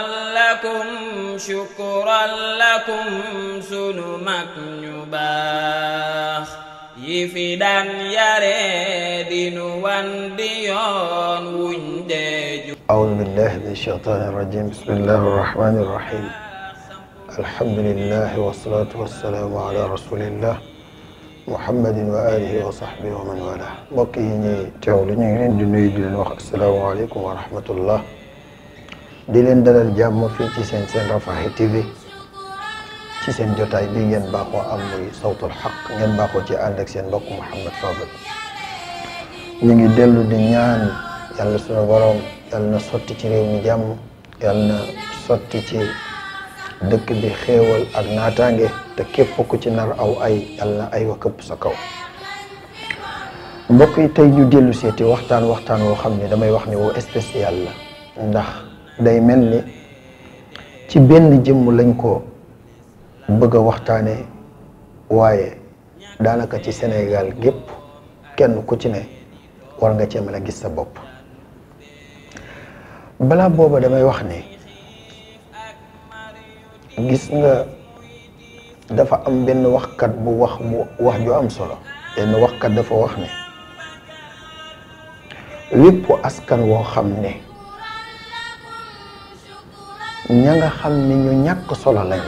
lakum shukran lakum sunu mag ñu baax yi fi daan yare dinu wan di yoon wuñ deju أعوذ بالله من الشيطان الرجيم بسم الله الرحمن الرحيم الحمد لله والصلاة والسلام على رسول الله محمد وآله وصحبه ومن والاه mbokk yi ñuy teewlu ñu ngi leen di nuyu di leen wax asalaamaaleykum wa rahmatullah di leen dalal jàmm fii ci seen seen Rafah TV ci seen jotaay bi ngeen baaxoo am muy sawtul xaq baaxoo ci ànd ak seen mbokk Mouhamed Fadel ñu ngi dellu di sunu borom yàlla na sotti ci ci dëkk bi xéewal ak naataange te képp ku ci nar aw ay yàlla na ay wa këpp sa kaw mbokk yi ñu dellu seeti waxtaan waxtaan woo xam ne damay wax ni woo spécial la ndax day mel ni ci benn jëmm lañ ko bëgg a waxtaane waaye daanaka ci Sénégal gépp kenn ku ci ne war nga cee mën a gis sa bopp balaa booba damay wax ni gis nga dafa am benn waxkat bu wax bu wax ju am solo benn waxkat dafa wax ne wépp askan woo xam ne ña nga xam ni ñu ñàkk solo lañ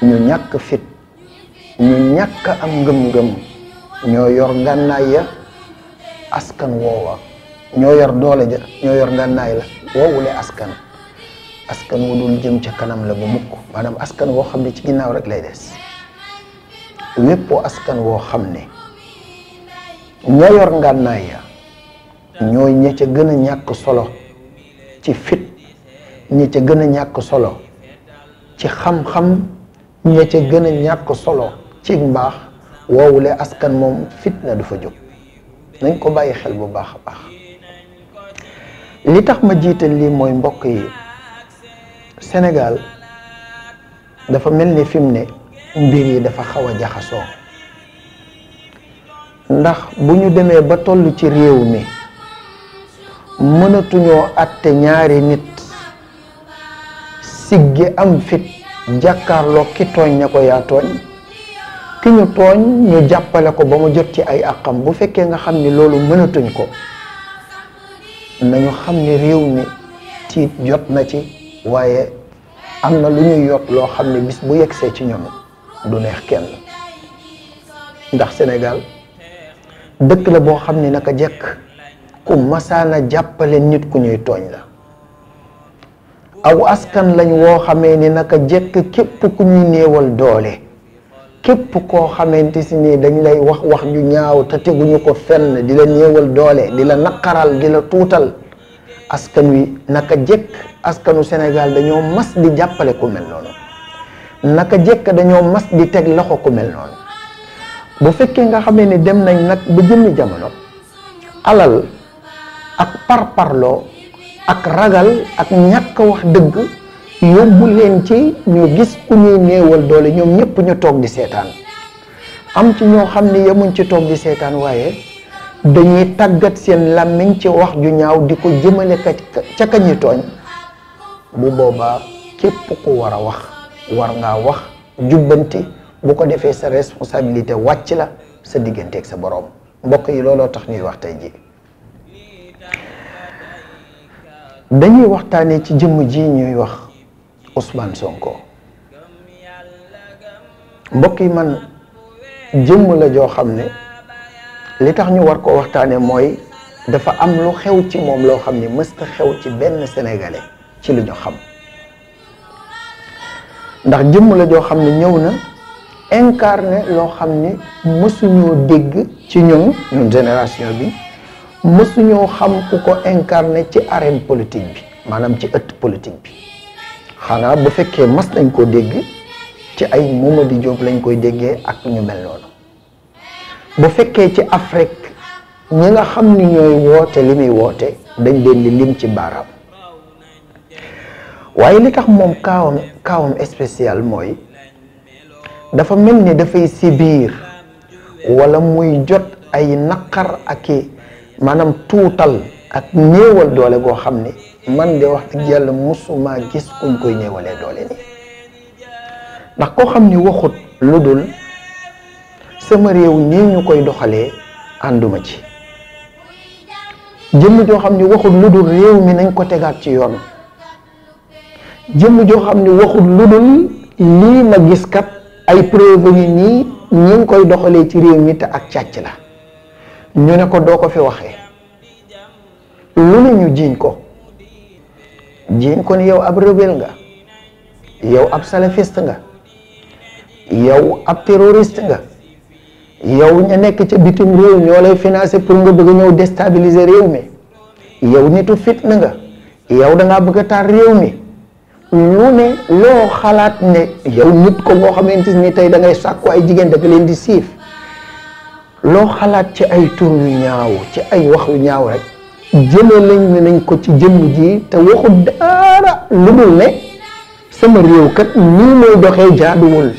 ñu ñàkk fit ñu ñàkk am ngëm-ngëm ñoo yor ngànnaay ya askan woowa ñoo yor doole ja ñoo yor ngànnaay la woowule askan askan wu dul jëm ca kanam la ba mukk maanaam askan woo xam ne ci ginnaaw rek lay des wépp askan woo xam ne ñoo yor ngànnaay ya ñooy ña ca gën a ñàkk solo ci fit ñi ca gën a ñàkk solo ci xam-xam ñi ca gën a ñàkk solo ci mbaax woowule askan moom fitna du fa jóg nañ ko bàyyi xel bu baax a baax li tax ma jiital lii mooy mbokk yi Sénégal dafa mel ni fi mu ne mbir yi dafa xaw a jaxasoo ndax bu ñu demee ba toll ci réew mi mënatuñoo àtte ñaari nit sigge am fit jàkkaarloo ki tooñ ne ko yaa tooñ ki ñu tooñ ñu jàppale ko ba mu jot ci ay àqam bu fekkee nga xam ni loolu mënatuñ ko nañu xam ni réew mi tiit jot na ci waaye am na lu ñuy yot loo xam ne bis bu yegsee ci ñoom du neex kenn ndax Sénégal dëkk la boo xam ne naka jekk ku masaana jàppale nit ku ñuy tooñ la aw askan lañ woo xamee ni naka jekk képp ku ñu néewal doole képp koo xamante si nii dañ lay wax wax ju ñaaw te teguñu ko fenn di la néewal doole di la naqaral di la tuutal askan wi naka jekk askanu Sénégal dañoo mas di jàppale ku mel noonu naka jekk dañoo mas di teg loxo ku mel noonu bu fekkee nga xamee ni dem nañ nag ba jëmmi jamono alal ak parparloo ak ragal ak ñàkk wax dëgg yóbbu leen ci ñu gis ku ñuy néewal doole ñoom ñëpp ñu toog di seetaan am ci ñoo xam ne yemuñ ci toog di seetaan waaye dañuy tàggat seen làmmiñ ci wax ju ñaaw di ko jëmale ca ka ñi tooñ bu boobaa képp ku war a wax war ngaa wax jubbanti bu ko defee sa responsabilité wàcc la sa digganteeg sa borom mbokk yi looloo tax ñuy wax tey ji dañuy waxtaanee ci jëmm ji ñuy wax Ousmane Sonko mbokk yi man jëmm la joo xam ne li tax ñu war ko waxtaanee mooy dafa am lu xew ci moom loo xam ne mësta xew ci benn sénégalais ci li ñu xam ndax jëmm la joo xam ne ñëw na incarné loo xam ne mësuñoo dégg ci ñun ñun génération bi. mësuñoo xam ku ko incarné ci arène politique bi maanaam ci ëtt politique bi xanaa bu fekkee mas nañ ko dégg ci ay Mamadou Diop lañ koy déggee ak ñu mel noonu bu fekkee ci Afrique ñi nga xam ni ñooy woote li muy woote dañ leen di lim ci baaraam waaye li tax moom kaawam kaawam spécial mooy dafa mel ni dafay si biir wala muy jot ay naqar ak maanaam tuutal ak néewal doole goo xam ni man de wax dëgg yàlla musuma gis kuñ koy néewalee doole nii ndax koo xam ni waxut lu dul sama réew nii ñu koy doxalee ànduma ci jëm joo xam ni waxut lu dul réew mi nañ ko tegaat ci yoon jëmm joo xam ni waxut lu dul lii ma gis kat ay preuve yi nii ñi ngi koy doxalee ci réew mi te ak càcc la ñu ne ko doo ko fi waxee lu ne ñu jiiñ ko jiiñ ko ni yow ab rebelle nga yow ab salafiste nga yow ab terroriste nga yow ña nekk ci bitim réew ñoo lay financé pour nga bëgg ñëw déstabiliser réew mi yow nitu na nga yow da ngaa bëgg a taar réew mi ñu ne loo xalaat ne yow nit ko boo xamante ni tey da ngay sàkku ay jigéen da leen di siif loo xalaat ci ay tur yu ñaaw ci ay wax yu ñaaw rek jëlee lañ ne nañ ko ci jëmm ji te waxu dara lu dul ne sama réew kat nii mooy doxee jaaduwul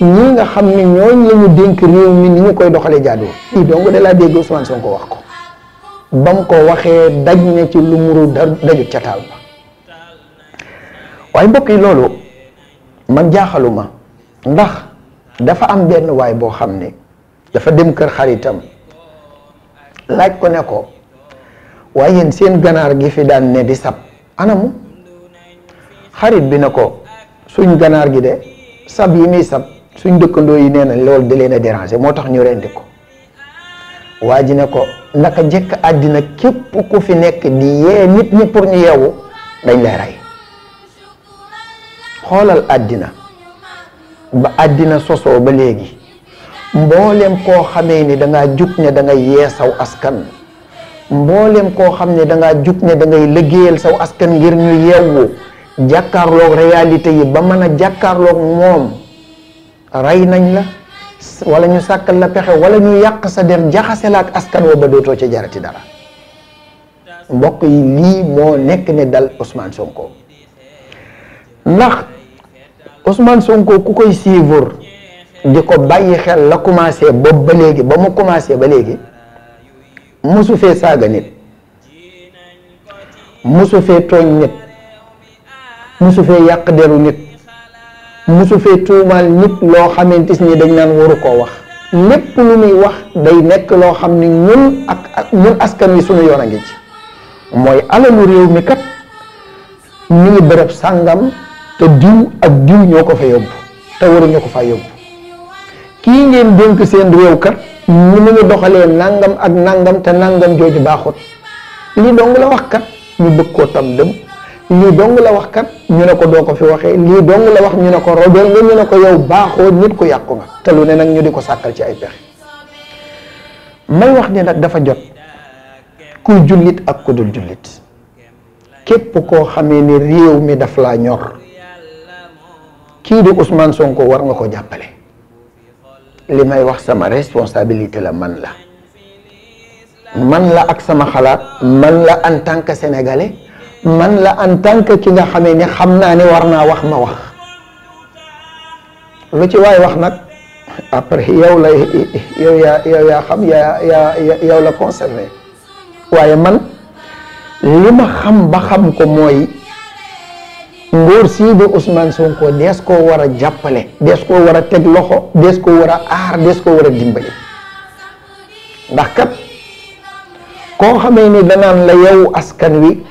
ñii nga xam ne ñooñ la dénk réew mi ni ñu koy doxalee jaaduwul. i donc da laa dégg Ousmane Sonko wax ko ba mu ko waxee daj na ci lu muru dajut ca taal ba waaye mbokk yi loolu man jaaxaluma ndax dafa am benn waay boo xam ne. dafa dem kër xaritam laaj ko ne ko waaye yéen seen ganaar gi fi daan ne di sab anamu xarit bi ne ko suñ ganaar gi de sab yi muy sab suñ dëkkandoo yi nee na loolu da leen a moo tax ñu rendi ko waa ji ne ko naka jekk àddina képp ku fi nekk di yee nit ñi pour ñu yeewu dañ lay rey xoolal àddina ba àddina sosoo ba léegi mboolem koo xamee ni da ngaa ne dangay ngay saw askan mboolem koo xam ne danga ngaa jug ne dangay ngay liggéeyal saw askan ngir ñu yeewu jàkkaarloog réalité yi ba mën a jàkkaarloog moom rey nañ la wala ñu sàkkal la pexe wala ñu yàq sa der jaxase la ak askan wa ba dootoo ca jarati dara mbokk yi lii moo nekk ne dal Ousmane Sonko ndax Ousmane Sonko ku koy suivre. di ko bàyyi xel la commencé boobu ba léegi ba mu commencé ba léegi musu fee saaga nit musu fee tooñ nit musu fee yàq deru nit musu fee tuumaal nit loo xamantis ni dañ naan waru koo wax lépp lu muy wax day nekk loo xam ni ñun ak ñun askan wi suñu yoon a ngi ci mooy alalu réew mi kat ñu ngi bërëb sàngam te diw ak diw ñoo ko fa yóbbu te waruñu ko fa yóbbu kii ngeen dénk seen réew kat ni mu doxalee nangam ak nangam te nangam jooju baaxut lii dong la wax kat ñu bëgg koo tam dëm lii dong la wax kat ñu ne ko doo ko fi waxee lii dong la wax ñu ne ko robel nga ñu ne ko yow baaxoo nit ku yàqu nga te lu ne nag ñu di ko sàkkal ci ay pexe may wax ni nag dafa jot kuy jullit ak ku dul jullit képp koo xamee ni réew mi daf laa ñor kii di Ousmane Sonko war nga ko jàppale li may wax sama responsabilité la man la man la ak sama xalaat man la en tant que sénégalais man la en tant que ki nga xamee ne xam naa ne war naa wax ma wax lu ci waay wax nag après yow la yow yow yow la concerné waaye man li ma xam ba xam ko mooy nguur sii di Ousmane Sonko dees koo war a jàppale dees koo war a teg loxo dees koo war a aar dees koo war a dimbali ndax kat koo xamee ni danaan la yow askan wi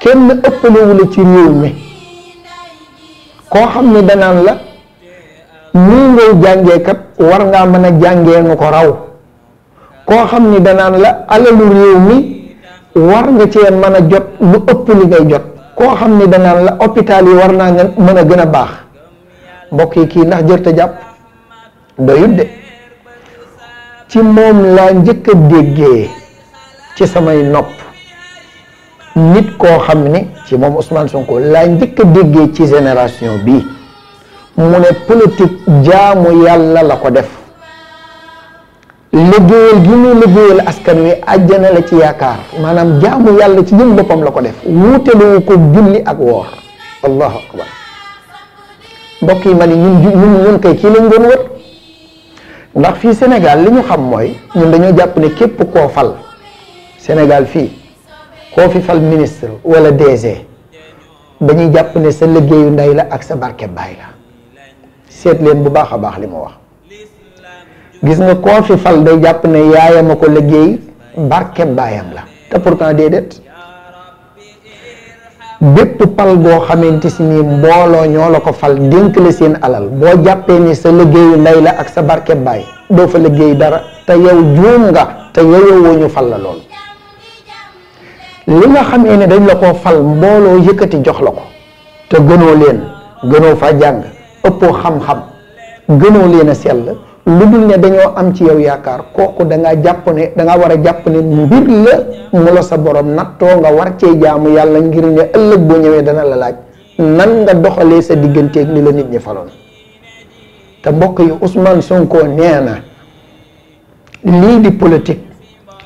kenn ëppalewu la ci réew mi koo xam ni danaan la nii ngay jàngee kat war ngaa mën a jàngee nu ko raw koo xam ni danaan la alalu réew mi war nga cee mën a jot lu ëpp li ngay jot koo xam ne danaan la hôpital yi war naa mën a gën a baax mbokk yi kii ndax jër te jàpp doyut de ci moom laa njëkk a déggee ci samay nopp nit koo xam ni ci moom Ousmane Sonko laa njëkk a déggee ci génération bi mu ne politique jaamu yàlla la ko def liggéeyal gi muy liggéeyal askan wi àjjana la ci yaakaar maanaam jaamu yàlla ci jëm boppam la ko def wuutelewu ko julli ak woor allahu akbar mbokk yi ma ni ñun ñun ñun kay kii lañ doon wër ndax fii senegal li ñu xam mooy ñun dañoo jàpp ne képp koo fal Sénégal fii koo fi fal ministre wala DG dañuy jàpp ne sa liggéeyu nday la ak sa barke baay la seet leen bu baax a baax li mu wax gis nga koo fi fal day jàpp na yaayam a ko liggéey barke baayam la te pourtant déedéet bépp pal boo xamante si nii mbooloo ñoo la ko fal dénk la seen alal boo jàppee ni sa liggéeyu ndey la ak sa barke baay doo fa liggéey dara te yow juum nga te yow woo fal la lool li nga xamee ne dañ la ko fal mbooloo yëkkati jox la ko te gënoo leen gënoo faa jàng ëppoo xam-xam gënoo leen a sell lu dul ne dañoo am ci yow yaakaar kooku dangaa ngaa jàpp ne dangaa war a jàpp ne mbir la mu la sa boroom nattoo nga war cee jaamu yàlla ngir ne ëllëg boo ñëwee dana la laaj nan nga doxalee sa digganteeg ni la nit ñi faloon te mbokk yi Ousmane Sonko nee na lii di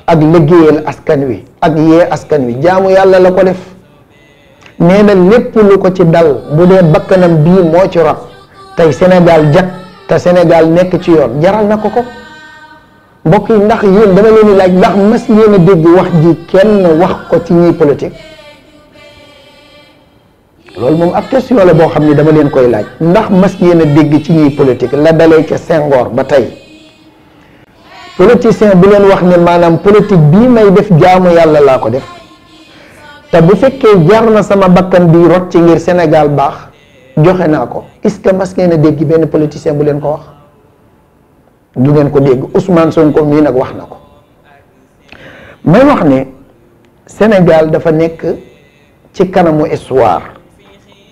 ak liggéeyal askan wi ak yee askan wi jaamu yàlla la ko def nee na lépp lu ko ci dal bu dee bakkanam bii moo ci rot tey Sénégal jag te Sénégal nekk ci yoon jaral na ko ko mbokk yi ndax yéen dama leen di laaj ndax mas ngeen dégg wax ji kenn wax ko ci ñuy politique loolu moom ab la boo xam ne dama leen koy laaj ndax mas ngeen dégg ci ñuy politique la dalee ca Senghor ba tey politicien bu leen wax ne maanaam politique bii may def jaamu yàlla laa ko def te bu fekkee jar na sama bakkan bi rot ci ngir Sénégal baax joxe naa ko est-ce que mas ngeen a dégg benn politicien bu leen ko wax du ngeen ko dégg Ousmane Sonko mii nag wax na ko may wax ne Sénégal dafa nekk ci kanamu histoire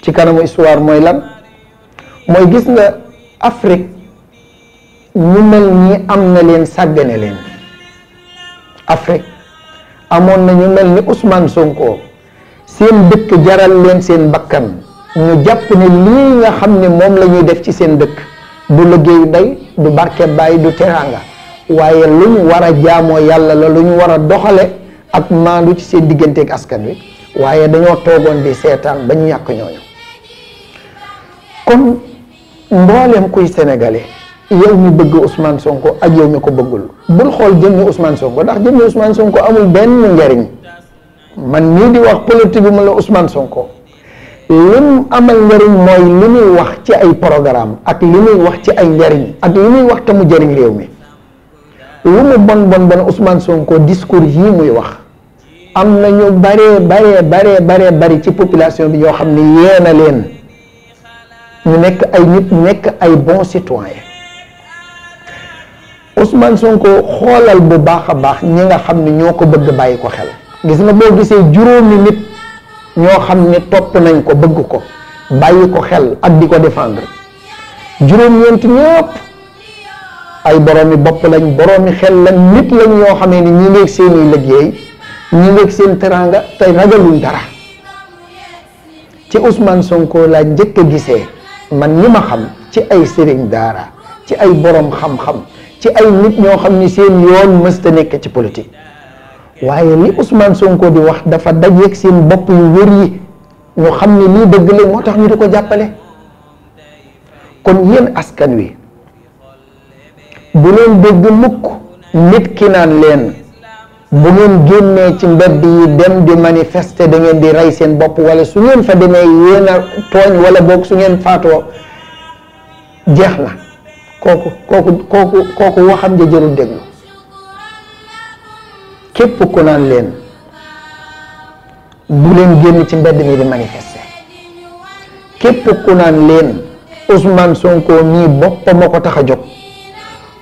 ci kanamu histoire mooy lan mooy gis nga Afrique ñu mel nii am na leen sàggane leen Afrique amoon na ñu mel ni Ousmane Sonko seen dëkk jaral leen seen bakkan. ñu jàpp ne lii nga xam ne moom la ñuy def ci seen dëkk bu liggéeyu day du barke bàyyi du teraanga waaye lu ñu war a jaamoo yàlla la lu ñu war a doxale ak maandu ci seen digganteek askan wi waaye dañoo toogoon di seetaan ba ñu ñàkk ñooñu kon mbooleem kuy sénégalais yow mi bëgg usmaan Sonko ak yow mi ko bëggul bul xool jëmmi usmaan Sonko ndax jëmmi Ousmane Sonko amul benn njariñ man nii di wax politique bi mu la Ousmane Sonko li mu amal njariñ mooy li muy wax ci ay programme ak li wax ci ay njariñ ak li muy wax te mu jëriñ réew mi lu mu bon bon bon Ousmane Sonko discours yii muy wax am na ñu baree baree baree baree bari ci population bi ñoo xam ni yeena leen ñu nekk ay nit ñu nekk ay bons citoyens Ousmane Sonko xoolal bu baax a baax ñi nga xam ni ñoo ko bëgg bàyyi ko xel gis nga boo gisee juróomi nit. ñoo xam ne topp nañ ko bëgg ko bàyyi ko xel ak di ko défendre juróom-ñeent ñëpp ay boroomi bopp lañ boroomi xel lañ nit lañ ñoo xamee ni ñi ngeeg seeni liggéey ñi ngeeg seen teraanga tey ragaluñ dara ci Ousmane Sonko laa njëkk a gisee man ñi ma xam ci ay sëriñ daara ci ay boroom xam-xam ci ay nit ñoo xam ni seen yoon mësta nekk ci politique waaye li Ousmane Sonko di wax dafa dajeeg seen bopp yu wér yi ñu xam ne lii dëgg la moo tax ñu di ko jàppale kon yéen askan wi bu leen dégg mukk nit ki naan leen bu ngeen génnee ci mbedd yi dem di manifester da di rey seen bopp wala su ngeen fa demee yéen tooñ wala boog su ngeen faatoo jeex na kooku kooku kooku kooku waxam ja jërul déglu képp ku naan leen bu leen génn ci mbedd mi di manifester képp ku naan leen Ousmane Sonko mii boppam a ko tax a jóg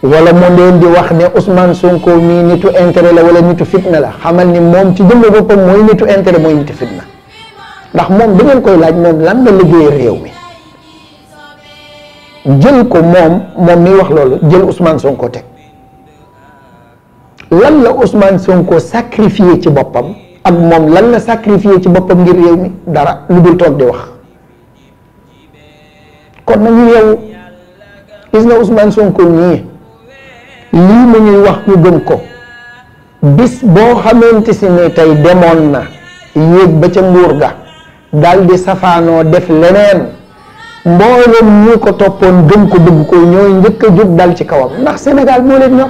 wala mu leen di wax ne Ousmane Sonko mii nitu intérêt la wala nitu fitna la xamal ni moom ci jëmm boppam mooy nitu intérêt mooy nitu fitna ndax moom da koy laaj moom lan na liggéey réew mi jël ko moom moom miy wax loolu jël Ousmane Sonko teg. lan la Ousmane Sonko sacrifié ci boppam ak moom lan la sacrifié ci boppam ngir réew mi dara lu dul toog di wax kon nañu yeewu gis nga Ousmane Sonko ñii lii mu ñuy wax ñu gëm ko bis boo xamante si ne demoon na yéeg ba ca nguur ga dal di safaanoo def leneen mboolem ñu ko toppoon gëm ko bëgg ko ñooy njëkk a jub dal ci kawam ndax senegal moo leen ñor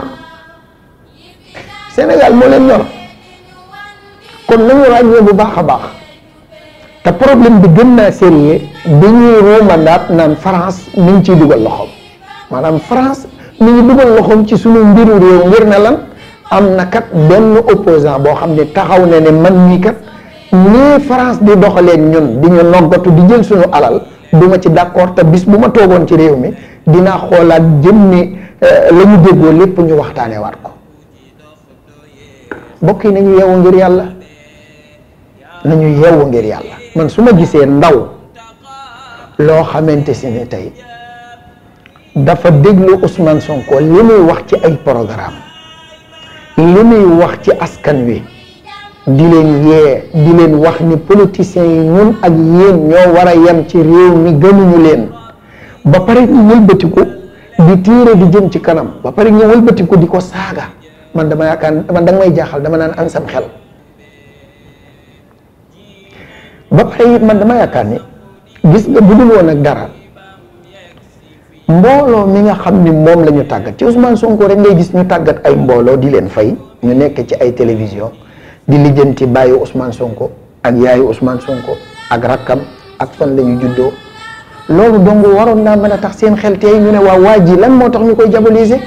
Sénégal moo leen ñor kon nañu ràññee bu baax a baax te problème bi gën naa sérieux bi ñuy romandaat naan France mi ngi ciy dugal loxoom maanaam France mi ngi dugal loxoom ci suñu mbiru réew ngir ne lan am na kat benn opposant boo xam ne taxaw na ne man mii kat nii France di doxalee ñun di ñu noggatu di jël suñu alal du ma ci d'accord te bis bu ma toogoon ci réew mi dinaa xoolaat jëm ni euh, la ñu déggoo lépp ñu waxtaanee waat ko mbokk yi nañu yeewu ngir yàlla nañu yeewu ngir yàlla man su ma gisee ndaw loo xamante si ne tey dafa déglu Ousmane Sonko li muy wax ci ay programme li muy wax ci askan wi di leen yee di leen wax ni politiciens yi ñun ak yéen ñoo war a yem ci réew mi gënuñu leen ba pare ñu wëlbatiku di téere di jëm ci kanam ba pare ñu wëlbatiku di ko saaga man dama yaakaar man danga may jaaxal dama naan am sam xel ba pare it man dama yaakaar ni gis nga bu dul woon ak dara mbooloo mi nga xam ni moom la ñu tàggat ci Ousmane Sonko rek ngay gis ñu tàggat ay mbooloo di leen fay ñu nekk ci ay télévision di ci bàyyi Ousmane Sonko ak yaayu Ousmane Sonko ak rakkam ak fan la ñu juddoo loolu dong waroon naa man a tax seen xel tey ñu ne waa waa ji lan moo tax ñu koy diaboliser.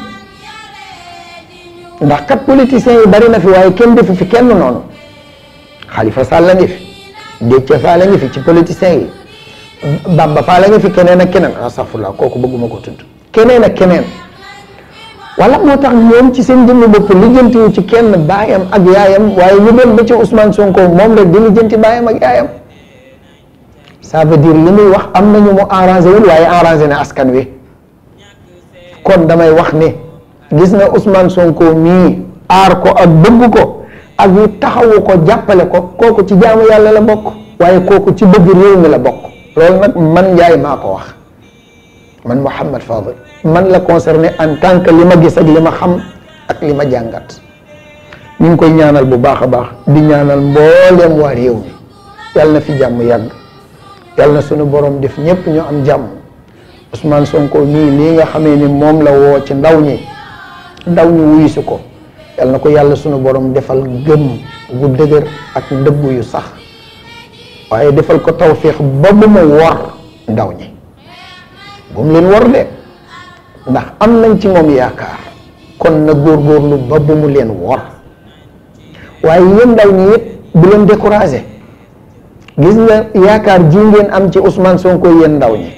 ndax kat politiciens yi bari fi waaye kenn defu fi kenn noonu Khalifa Sall la ngi fi Déthié Fall la ngi fi ci politiciens yi Bamba Fall la ngi fi keneen ak keneen astafurlah kooku bëgguma ko tudd keneen ak keneen wala moo tax ñoom ci seen jëmmi bopp lijjantiwu ci kenn baayam ak yaayam waaye ñu dem ba ci Ousmane Sonko moom rek di lijjanti baayam ak yaayam ça veut wax am nañu mu arrangé wul waaye arrangé na askan wi kon damay wax ni gis na Ousmane Sonko mii aar ko ak bëgg ko ak ñu taxawu ko jàppale ko kooku ci jaamu yàlla la bokk waaye kooku ci bëgg réew mi la bokk loolu nag man Njaay maa ko wax man Mouhamed Fadel man la concerné en tant que li ma gis ak li ma xam ak li ma jàngat ñu ngi koy ñaanal bu baax a baax di ñaanal mbooleem waa réew mi yàlla na fi jàmm yàgg yàlla na sunu borom def ñëpp ñu am jàmm Ousmane Sonko mii lii nga xamee ni moom la woo ci ndaw ñi ndaw ñu wuyu ko yal na ko yàlla sunu boroom defal gëm gu dëgër ak ndëggu yu sax waaye defal ko tawféex ba bu mu wor ndaw ñi bu mu leen wor de ndax am nañ ci moom yaakaar kon na góorgóorlu ba bu mu leen wor waaye yéen ndaw ñi it bu leen découragé gis nga yaakaar ji ngeen am ci Ousmane Sonko yéen ndaw ñi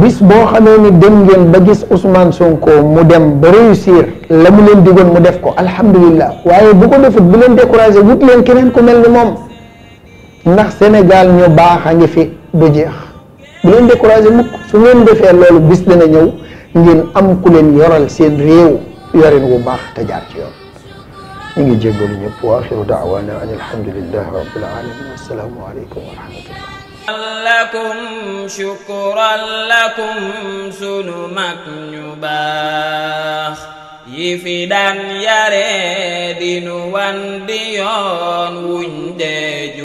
bis boo xamee ni dem ngeen ba gis Ousmane Sonko mu dem ba réussir la mu leen digoon mu def ko alhamdulilah waaye bu ko defut bu leen découragé wut leen keneen ku mel ni moom ndax senegal ñu baax a ngi fi du jeex bu leen découragé mukk su ngeen defee loolu bis dana ñëw ngeen am ku leen yoral seen réew yorin wu baax te jaar ci yoon ñu ngi jéggalu ñëpp wa axiru daawaana an alhamdulilah rabbil alamin wassalaamu aleykum wa rahmatullah lakum shukran lakum sunu mag ñu baax yi fi daan yare dinu wan di yoon wuñ dee